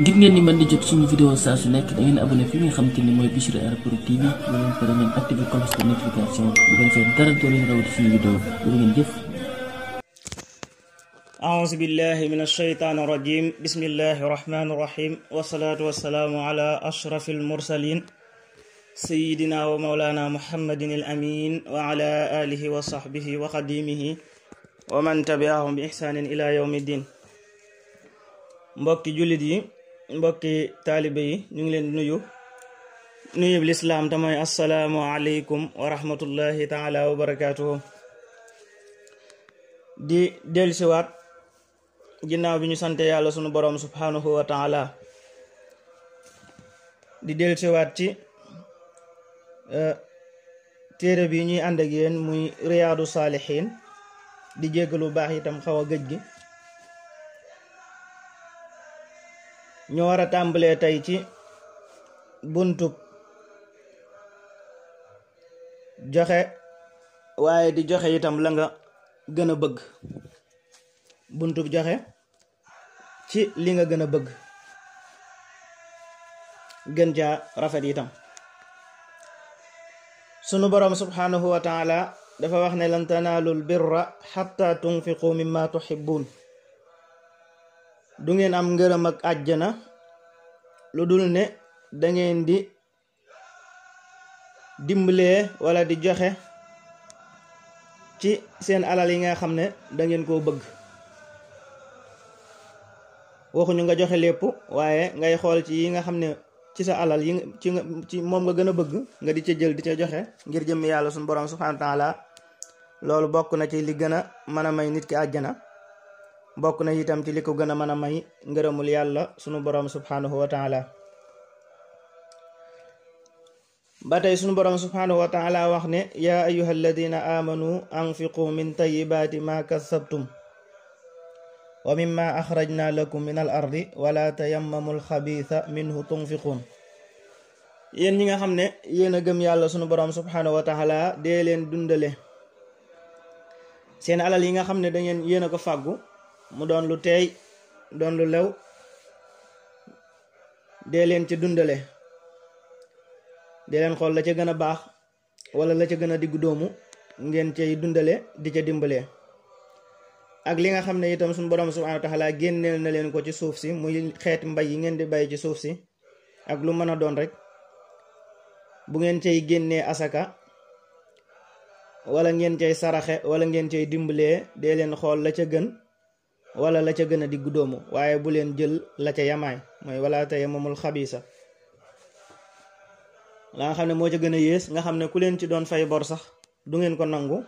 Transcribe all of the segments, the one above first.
ngir ngeen ni mën di jot suñu vidéo saa su nekk da ngeen abonné fi nga xam te ni mooy Bichri Art Prod TV ba leen ngeen activé dara doo leen rawati suñu vidéo loolu ngeen jëf أعوذ بالله من الشيطان الرجيم بسم الله الرحمن الرحيم والصلاة والسلام على أشرف المرسلين سيدنا wa man tabi'ahum ihsaanin ila yawmi mbokki jullit yi mbokki taalibe yi ñu ngi leen nuyu nuyub lislaam te assalaamu aleykum wa rahmatullahi taala wa barakaatuhu di dellusiwaat ginnaaw bi ñu sante yàlla sunu borom subhaanahu wa taala di dellusiwaat ci eh, téere bi ñuy ànd ak yéen muy riyaadu saalihiin di lu baax itam xaw a gëj gi ñu war a tàmbalee tey ci buntu joxe waaye di joxe itam la nga gën a bëgg buntu joxe ci li nga gën a bëgg gën caa rafet itam sunu boroom subhanahu wa dafa wax ne lan tanaalul birra xatta tunfiqu mimma tuxibuun du ngeen am ngërëm ak àjjana lu dul ne dangeen di dimbalee wala di joxe ci seen alal yi nga xam ne dangeen ko koo bëgg waxuñu nga joxe lépp waaye ngay xool ci yi nga xam ne ci sa alal yi ci moom nga gën a bëgg nga di ca jël di ca joxe ngir jëmm yàlla su borom subhanahu wa taala loolu bokk na ci li gën a mën a may nit ki àjjana bokk na itam ci li ko gën a mën a may ngërëmul yàlla sunu borom subhanahu wa taala sunu borom subhanahu wa wax ne yaa ayuha alladina amanu anfiqu min tayibaati ma kasabtum wa mimma axrajna lakum min al ardi wala tayammamu alxabiisa minhu tunfiquun yéen ñi nga xam ne yéen a gëm yàlla sunu borom subhanahu wa taala dee leen dundale seen alal yi nga xam ne da ngeen yéen a ko fàggu mu doon lu teey doon lu lew dee leen ci dundale dee leen xool la ca gën a baax wala la ca gën a diggu doomu ngeen cay dundale di ca dimbalee ak li nga xam ne itam suñu borom subhanahu wa taala génneel na leen ko ci suuf si muy xeet mbay yi ngeen di bay ci suuf si ak lu mën a doon rek bu ngeen cay génnee asaka wala ngeen cay saraxe wala ngeen cay dimbalee dee leen xool la ca gën wala la ca gën a diggu doomu waaye bu leen jël la ca yamaay mooy wala tey moomul xabiisa la nga xam ne moo ca gën a yées nga xam ne ku leen ci doon fay bor sax du ngeen ko nangu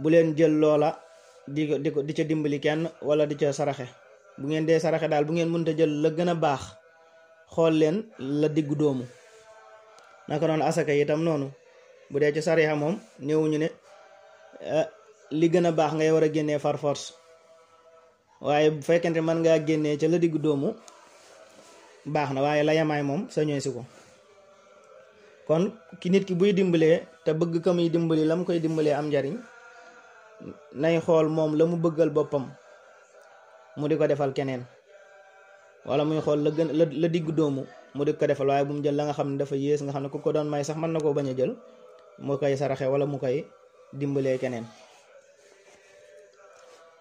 bu leen jël loola di ko di ko di ca dimbali kenn wala di ca saraxe bu ngeen dee saraxe daal bu ngeen mënta jël la gën a baax xool leen la diggu doomu na naka noonu asaka itam noonu bu dee ci sariya moom néewuñu ne eh, li gën a baax ngay war a génnee far waaye bu fekkente mën ngaa génnee ca la diggu doomu baax na waaye la yamaay moom sañoy si ko kon ki nit ki buy dimbalee te bëgg ka muy dimbali la mu koy dimbalee am njariñ nay xool moom la mu bëggal boppam mu di ko defal keneen wala muy xool la gën la diggu doomu mu di ko defal waaye bu mu jël la nga xam ne dafa yées nga xam ne ku ko doon may sax mën na koo bañ a jël mu koy saraxe wala mu koy dimbalee keneen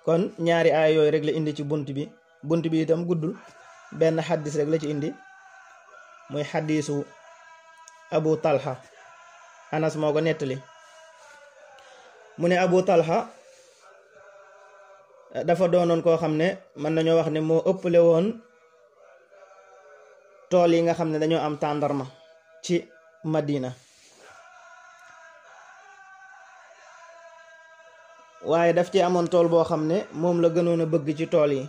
kon ñaari aay yooyu rek la indi ci bunt bi bunt bi itam guddul benn xaddis rek la ci indi muy xaddisu abu talxa anas moo ko nettali mu ne abu talha dafa doonoon koo xam ne mën nañoo wax ne moo ëppale woon tool yi nga xam ne dañoo am tàndarma ci madina waaye daf ci amoon tool boo xam ne moom la gënoon a bëgg ci tool yi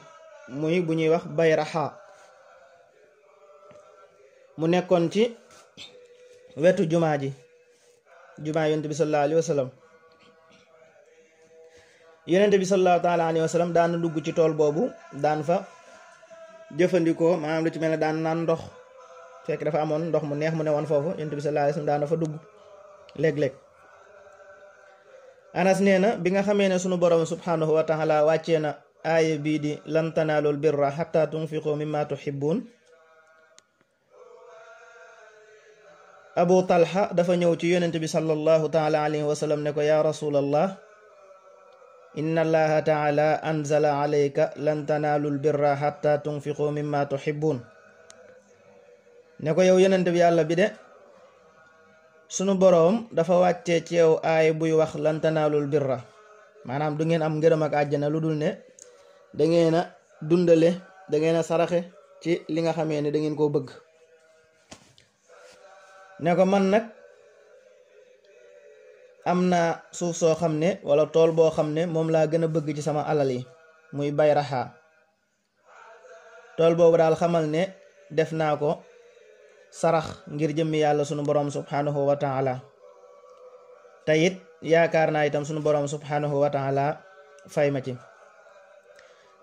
muy bu ñuy wax bay raxaa mu nekkoon ci wetu jumaa ji jumaa yonent bi sallallahu alayhi wa sallam bi sallallahu taala alayhi wa sallam daan dugg ci tool boobu daan fa jëfandikoo maanaam lu ci mel ne daan naan ndox fekk dafa amoon ndox mu neex mu ne woon foofu yonent bi sallallahu alayhi wa sallam daan dugg léeg-léeg anas nee na bi nga xamee ne sunu borom subhaanahu wa taala wàccee na aaya bii di lan tanaalul birra xatta tunfiqu mimma tuhibbun abu talha dafa ñëw ci yonent bi sallallahu taala alayhi wa ne ko yaa rasulallah inna allaha taala sunu boroom dafa wàcce ci yow aay buy wax lan tanaalul birra maanaam du ngeen am ngërëm ak àjjana lu dul ne da ngeen a dundale dangeen a saraxe ci li nga xamee ne dangeen koo bëgg ne ko man nag am naa suuf soo xam ne wala tool boo xam ne moom laa gën a bëgg ci sama alal yi muy bay raxaa tool boobu daal xamal ne def naa ko sarax ngir jëmmi yàlla sunu borom subhanahu wa taala te it yaakaar naa itam sunu borom subhanahu wa taala fay ma ci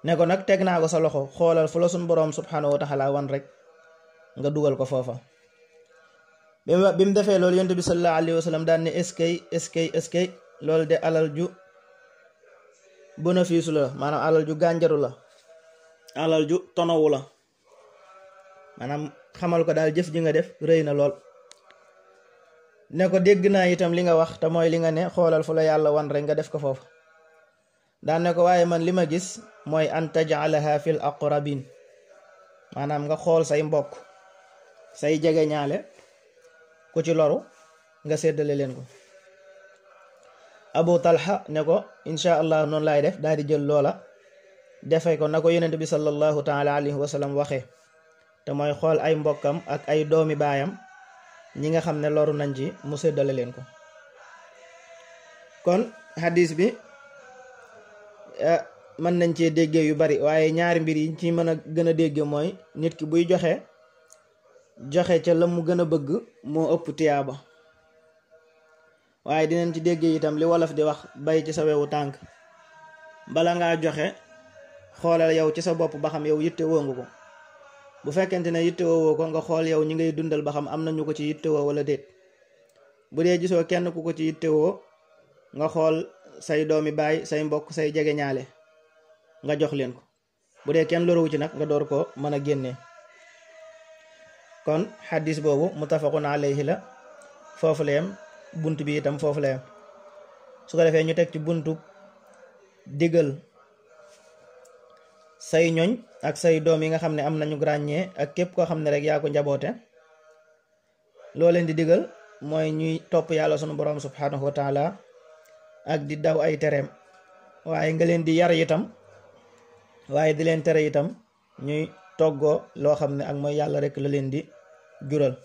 ne ko nag teg naa ko sa loxo xoolal fu la sunu borom subhanahu wa taala wan rek nga dugal ko foofa. bi mu defee loolu yonent bi sallallahu alayhi wa sallam daan ne eskay eskay eskay loolu de alal ju bénéfice la maanaam alal ju gànjaru la alal ju tonawu la. maanaam xamal ko daal jëf ji nga def rëy na lool ne ko dégg naa itam li nga wax te mooy li nga ne xoolal fu la yàlla wan rek nga def ko foofu daan ne ko waaye man li ma gis mooy an tajalaha fil aqrabin maanaam nga xool say mbokk say jege ñaale ku ci loru nga séddale leen ko abu talha ne ko insha noonu laay def daal di jël loola defe ko na ko yonent bi sallallahu taala alayhi wa sallam waxee te mooy xool ay mbokkam ak ay doomi baayam ñi nga xam ne loru nañ ci mu séddale leen ko kon hadis bi eh, mën nañ cee déggee yu bari waaye ñaari mbir yi ci mën a gën a dégge mooy nit ki buy joxe joxe ca la mu gën a bëgg moo ëpp tiyaaba waaye dinañ ci déggee itam li wolof di wax bay ci sa wewu tànk bala ngaa joxe xoolal yow ci sa bopp ba xam yow yitte wóngu ko bu fekkente ne yittewoo woo ko nga xool yow ñi ngay dundal ba xam am na ñu ko ci yittewoo wala déet bu dee gisoo kenn ku ko ci yittewoo nga xool say doomi baay say mbokk say jege nga jox leen ko bu dee kenn lorowu ci nag nga door ko mën a génnee kon xaddis boobu mu naa alayhi la foofu la bunt bi itam foofu la su ko defee ñu teg ci buntu digal say ñoñ ak say doom yi nga xam ne am nañu ràññee ak képp koo xam ne rek yaa ko njaboote loo leen di diggal mooy ñuy topp yàlla sunu boroom subhanahu wa taala ak di daw ay tereem waaye nga leen di yar itam waaye di leen tere itam ñuy toggoo loo xam ne ak mooy yàlla rek la leen di jural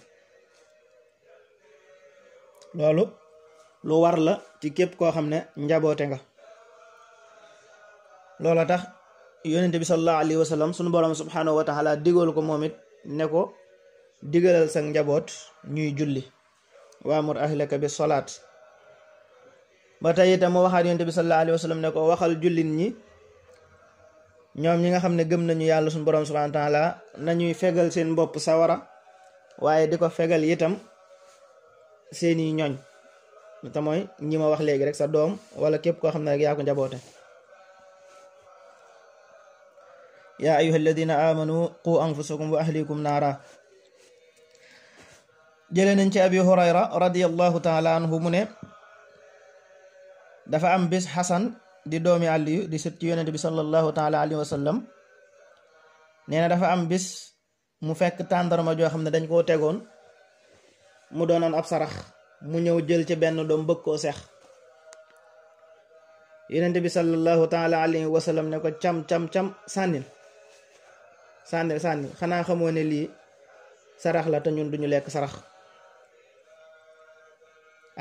loolu lu war la ci képp koo xam ne njaboote nga loola tax yonente bi sallallahu alayhi wa sallam sunu borom subhanahu wa taala digal ko moom it ne ko digalal sa njaboot ñuy julli waamur ahlaka bi solaat ba tey itam mu waxaat yonente bi sa alayhi wa ne ko waxal jullit ñi ñoom ñi nga xam ne gëm nañu yàlla sunu borom subhanahu wa nañuy fegal seen bopp sawara waaye di ko fegal itam seeni ñoñ te mooy ñi ma wax léegi rek sa doom wala képp koo xam ne rek yaa ko njaboote يا أيها الذين آمنوا قوا أنفسكم وأهليكم نارا jëleenañ ci abi hurayra radiallahu taala anhu mu ne dafa am bis xasan di doomi yi di sët ci yonente bi salallahu taala alayhi wa dafa am bis mu fekk tàndarma joo xam ne dañ koo tegoon mu doon ab sarax mu ñëw jël ci benn doom bëgg koo seex yonente bi salallahu taala alayhi wa sallam ne ko cam cam cam sànnil sànni sànni xanaa xamoo ne lii sarax la te ñun duñu lekk sarax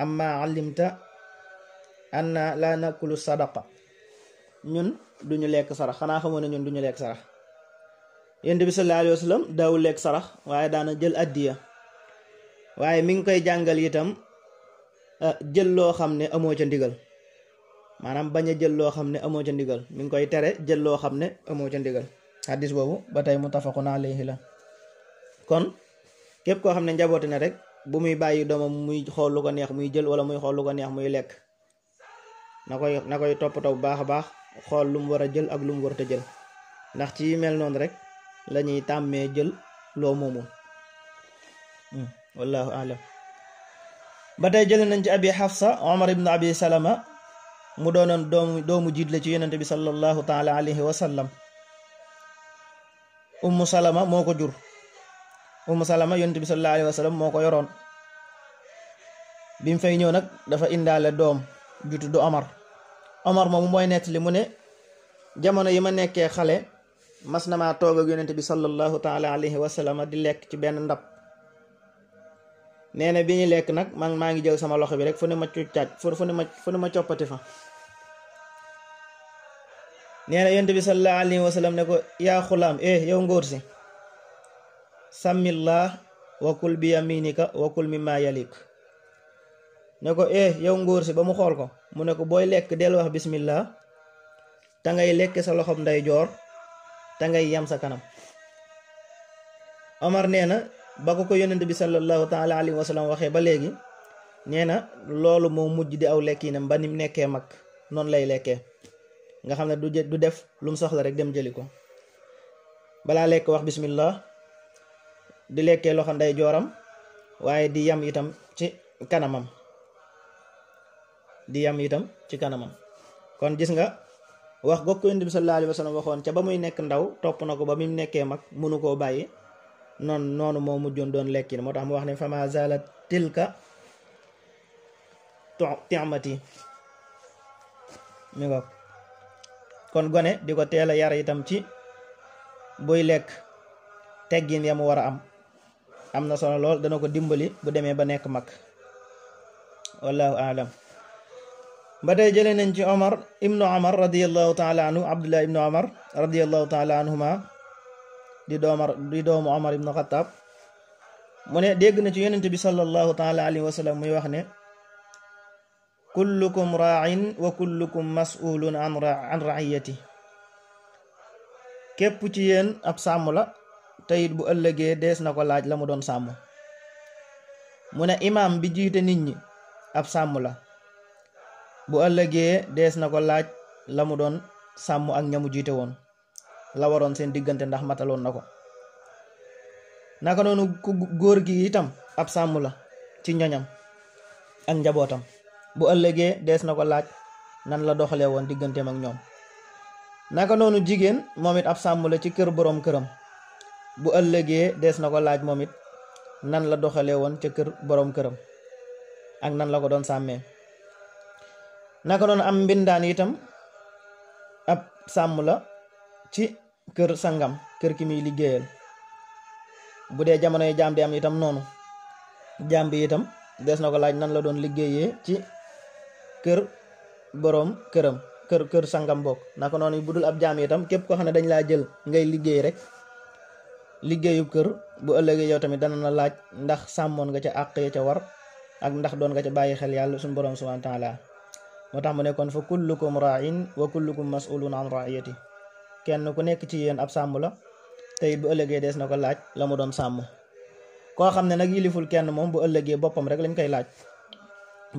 amma alimta anna la nakulu sadaqa ñun duñu lekk sarax xanaa xamoo ne ñun duñu lekk sarax yonent bi sallallahu alayhi wa sallam daawu lekk sarax waaye daana jël addiya waaye mi ngi koy jàngal itam ah, jël loo xam ne amoo ca ndigal maanaam bañ a jël loo xam ne amoo ca ndigal mi ngi koy tere jël loo xam ne amoo ca ndigal xaddis boobu ba tey muttafaqun alayhi la kon képp koo xam ne njabooti na rek bu muy bàyyi doomam muy xoolu ko neex muy jël wala muy xoolu ko neex muy lekk na koy na koy toppatoo bu baax a baax xool lu mu war a jël ak lu mu warut a jël ndax ci mel noonu rek lañuy ñuy tàmmee jël loo moomul hmm, wallahu alam ba tey jëlee nañ ci abi xafsa omar ibn abi salama mu doonoon doomu doomu jiit la ci yonente bi sallallahu taala alayhi wa sallam ummu salama moo ko jur ummu salama yonent bi sallallahu moo ko yoroon bi mu fay ñëw nag dafa indaale doom ju tudd Omar Omar moomu mooy nettali mu ne jamono yi ma nekkee xale mas na maa toog ak yonent bi sallallahu taala alayhi wa di lekk ci benn ndab nee na bi ñu lekk nag man maa ngi jël sama loxo bi rek fu ne ma cuccaaj fu ne ma fu ne ma coppati fa nee na yonent bi sallallahu alayhi wa sallam ne ko yaa eh, ngóor si sàmmillah wakul bi yaminika wakul mi yalik ne ko eh yow ngóor si ba mu xool ko mu ne ko booy lekk del wax bismillah te ngay lekk sa loxob ndeyjoor te ngay yam sa kanam Omar nee na ba ko ko yonent bi sallallahu taala wa sallam waxee ba léegi nee na loolu moo mujj di aw lekkiinam ba nim nekkee mag noonu lay lekkee nga xam ne du du def lu mu soxla rek dem jëli ko balaa lekk wax bismillah di lekkee loxo nday jooram waaye di yam itam ci kanamam di yam itam ci kanamam kon gis nga wax gog ko yonent bi sallallahu alayhi waxoon ca ba muy nekk ndaw topp na ko ba mu nekkee mag mënu koo bàyyi noonu noonu moo mujjoon doon lekkin moo tax mu wax ne fama zalat tilka tiamati mi ngoog kon gone di ko teel a yar itam ci buy lekk teggin ya mu war a am am na solo lool dana ko dimbali bu demee ba nekk mag wallahu aalam ba tey nañ ci omar ibnu omar radiallahu taala anhu abdullah ibnu omar radiallahu taala anhuma di doomar di doomu omar ibnu xataab mu ne dégg na ci yonente bi sallallahu taala muy wax ne kullukum raain wa kullukum masulun an an raiyati képp ci yéen ab sàmm la teyit bu ëllëgee dees na ko laaj la mu doon sàmm mu ne imaam bi jiite nit ñi ab sàmm la bu ëllëgee dees na ko laaj la mu doon sàmm ak ñamu jiite woon la waroon seen diggante ndax mataloon na ko naka noonu góor gi itam ab sàmm la ci ñoñam ak njabootam bu ëllëgee dees na ko laaj nan la doxalee woon digganteem ak ñoom naka noonu jigéen moom it ab sàmm la ci kër boroom këram bu ëllëgee dees na ko laaj moom it nan la doxalee woon ca kër boroom këram ak nan la ko doon sàmmee naka noonu am mbindaan itam ab sàmm la ci kër sangam kër ki muy liggéeyal bu dee jamonoy jaam di am itam noonu jaam bi itam dees na ko laaj nan la doon liggéeyee ci kër boroom këram kër kër sangam bokk naka noonu bu dul ab jaam itam képp koo xam ne dañ laa jël ngay liggéey rek liggéeyu kër bu ëllëgee yow tamit dana na laaj ndax sàmmoon nga ca àq ya ca war ak ndax doon nga ca bàyyi xel yàlla suñu boroom subhaanahu wa moo tax mu nekkoon fa kullukum raain wa kullukum masulun an raiyati kenn ku nekk ci yéen ab sàmm la tey bu ëllëgee des na ko laaj la mu doon sàmm koo xam ne nag yiliful kenn moom bu ëllëgee boppam rek lañ koy laaj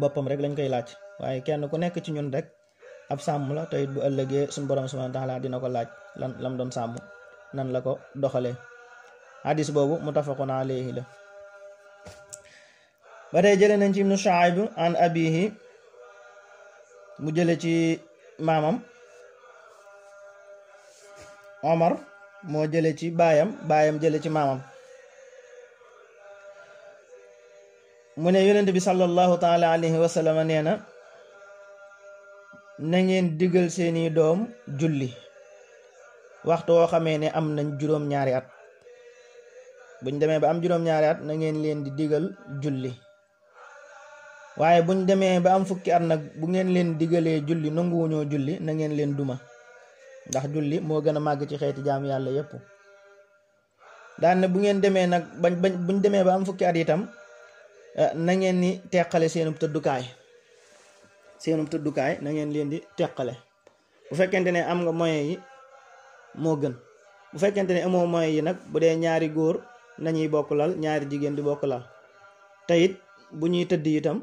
boppam rek lañ koy laaj waaye kenn ku nekk ci ñun rek ab sàmm la te bu ëllëgee suñu borom subhanahu dina ko laaj lan lam doon sàmm nan la ko doxalee hadis boobu muttafaqun alayhi la ba tey jëlee nañ ci ibnu Shuayb an abihi mu jële ci maamam Omar moo jële ci baayam baayam jële ci maamam mu ne yonent bi sallallahu taala alayhi wa sallam nee na na ngeen digal seeni doom julli waxtu woo xamee ne am nañ juróom-ñaari at buñ demee ba am juróom-ñaari at na ngeen leen di digal julli waaye buñ demee ba am fukki at nag bu ngeen leen digalee julli nanguwuñoo julli na ngeen leen duma ndax julli moo gën a màgg ci xeeti jaam yàlla yépp daan bu ngeen demee nag bañ bañ buñ demee ba am fukki at itam eh, na ngeen ni teqale seenub tëddukaay seenum tëddukaay na ngeen leen di teqale bu fekkente ne am nga moyens yi moo gën bu fekkente ne amoo moyens yi nag bu dee ñaari góor nañuy bokk lal ñaari jigéen di bokk lal te it bu ñuy tëdd itam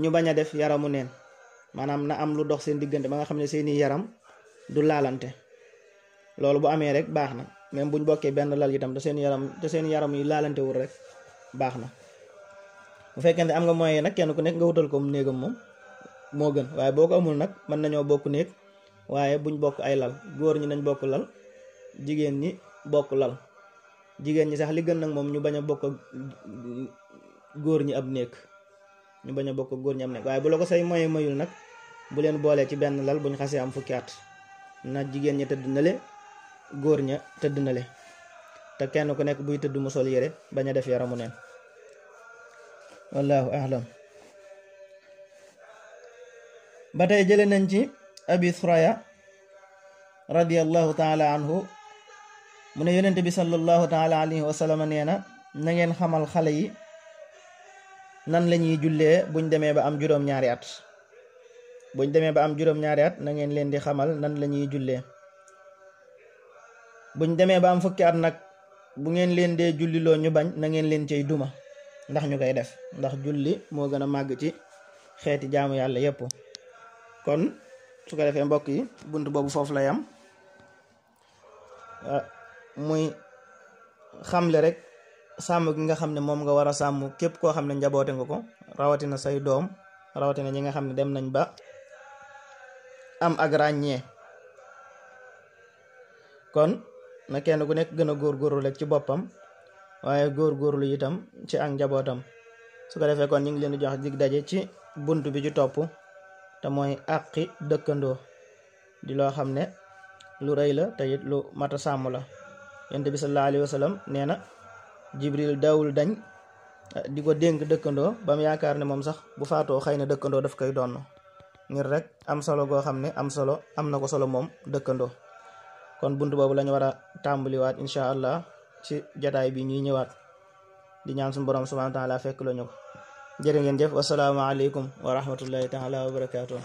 ñu bañ a def yaramu neen maanaam na am lu dox seen diggante ba nga xam ne seeni yaram du laalante loolu bu amee rek baax na bu ñu bokkee benn lal itam te seen yaram te seen yaram yi laalante wul rek baax na bu fekkente am nga moyen nag kenn ku nekk n wutal ko néegam moom moo gën waaye boo ko amul nag mën nañoo bokk néeg waaye buñ bokk ay lal góor ñi nañ bokk lal jigéen ñi bokk lal jigéen ñi sax li gën nag moom ñu bañ a bokk góor ñi ab néeg ñu bañ a bokk góor ñi ab néeg waaye bu la ko say moye mayul nag bu leen boolee ci benn lal bu buñ xasee am fukki at na jigéen ñi tëdd na le góor ña tëdd na le te kenn ku nekk buy tëdd mu sol yére bañ a def yaramu neen wallahu ahlam ba tey jële nañ ci abi suraya radiallahu taala anhu mu ne yonente bi sallallahu taala alayhi wa sallam nee na na xamal xale yi nan lañuy ñuy jullee buñ demee ba am juróom-ñaari at buñ demee ba am juróom at na leen di xamal nan lañuy ñuy jullee buñ demee ba am fukki at nag bu ngeen leen dee julliloo ñu bañ na ngeen leen cay duma ndax ñu koy def ndax julli moo gën a màgg ci xeeti jaamu yàlla yépp kon su ko defee mbokk yi bunt boobu foofu la yam ah, muy xamle rek sàmm gi nga xam ne moom nga war a sàmm képp koo xam ne njaboote nga ko rawatina say doom rawatina ñi nga xam ne dem nañ ba am ak ràññee kon na kenn ku nekk gën a góorgóorlu rek ci boppam waaye góor góorlu itam ci ak njabootam su ko defee kon ñu ngi leen di jox dig daje ci bunt bi ci topp te mooy àqi dëkkandoo di loo xam ne lu rey la te it lu mat sàmm la yonent bi sallallahu alayhi wa nee na jibril daawul dañ eh, di ko dénk dëkkandoo bam yaakaar ne moom sax bu faatoo xëy na dëkkandoo daf koy donn ngir rek am solo goo xam ne am solo am na ko solo moom dëkkandoo kon bunt boobu lañu war a tàmbaliwaat incha allah ci jataay bi ñuy ñëwaat di ñaan suñu borom subhaanahu wa taala fekk la ñëw jërë ngeen jëf wasalaamaaleykum wa rahmatullahi taala wa barakaatu